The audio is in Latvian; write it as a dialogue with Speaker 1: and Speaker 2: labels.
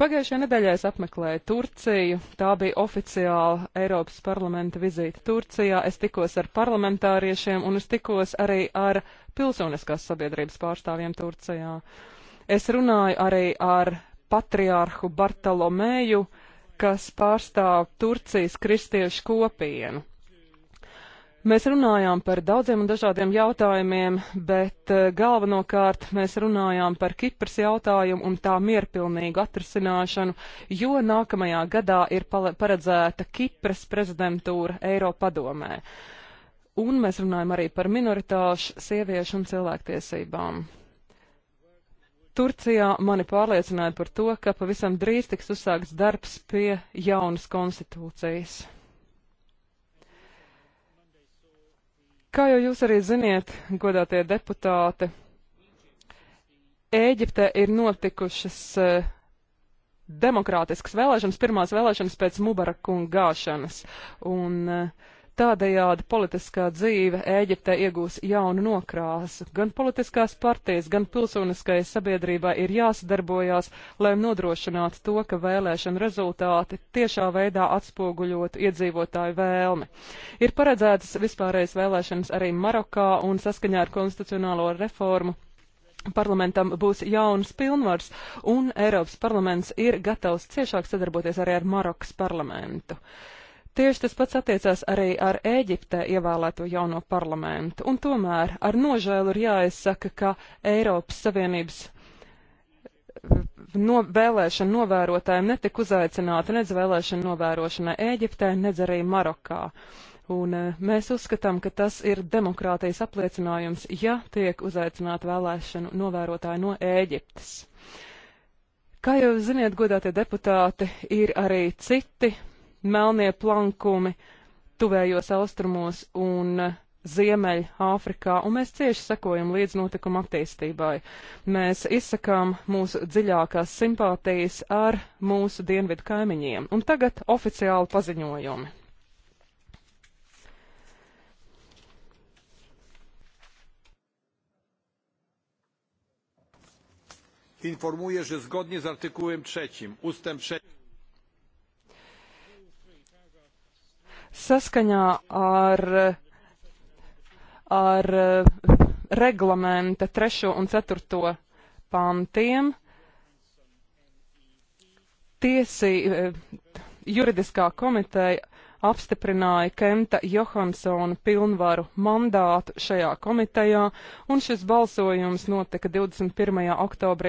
Speaker 1: Pagājušajā nedēļā es apmeklēju Turciju. Tā bija oficiāla Eiropas parlamenta vizīte Turcijā. Es tikos ar parlamentāriešiem un es tikos arī ar pilsoniskās sabiedrības pārstāvjiem Turcijā. Es runāju arī ar patriārhu Bartolomēju, kas pārstāv Turcijas kristiešu kopienu. Mēs runājām par daudziem un dažādiem jautājumiem, bet eh, galvenokārt mēs runājām par Kipras jautājumu un tā mierpilnīgu atrisināšanu, jo nākamajā gadā ir paredzēta Kipras prezidentūra Eiropadomē. Un mēs runājam arī par minoritāšu, sieviešu un cilvēktiesībām. Turcijā mani pārliecināja par to, ka pavisam drīz tiks uzsākts darbs pie jaunas konstitūcijas. Kā jau jūs arī ziniet, godātie deputāti, Ēģiptē ir notikušas uh, demokrātiskas vēlēšanas, pirmās vēlēšanas pēc Mubarakunga gāšanas. Un, uh, Tādējādi politiskā dzīve Ēģiptē iegūs jaunu nokrāsu. Gan politiskās partijas, gan pilsoniskajai sabiedrībai ir jāsadarbojās, lai nodrošinātu to, ka vēlēšana rezultāti tiešā veidā atspoguļotu iedzīvotāju vēlmi. Ir paredzētas vispārējais vēlēšanas arī Marokā un saskaņā ar konstitucionālo reformu parlamentam būs jauns pilnvars, un Eiropas parlaments ir gatavs ciešāk sadarboties arī ar Marokas parlamentu. Uh, Tieši tas pats attiecās arī ar Ēģiptē ievēlēto jauno parlamentu, un tomēr ar nožēlu ir jāizsaka, ka Eiropas Savienības no vēlēšana novērotājiem netika uzaicināta nedz vēlēšana novērošanai Ēģiptē, nedz arī Marokā. Un e, mēs uzskatām, ka tas ir demokrātijas apliecinājums, ja tiek uzaicināta vēlēšanu novērotāja no Ēģiptes. Kā jau ziniet, godātie deputāti, ir arī citi melnie plankumi tuvējos austrumos un Ziemeļāfrikā, un mēs cieši sekojam līdz notikuma attīstībai. Mēs izsakām mūsu dziļākās simpātijas ar mūsu dienvidu kaimiņiem, un tagad oficiāli paziņojumi. Informuję, że zgodnie z artykułem 3 ustęp 6 Saskaņā ar, ar eh, reglamenta 3. un 4. pantiem tiesī, eh, juridiskā komiteja apstiprināja Kenta Johansona pilnvaru mandātu šajā komitejā, un šis balsojums notika 21. oktobrī.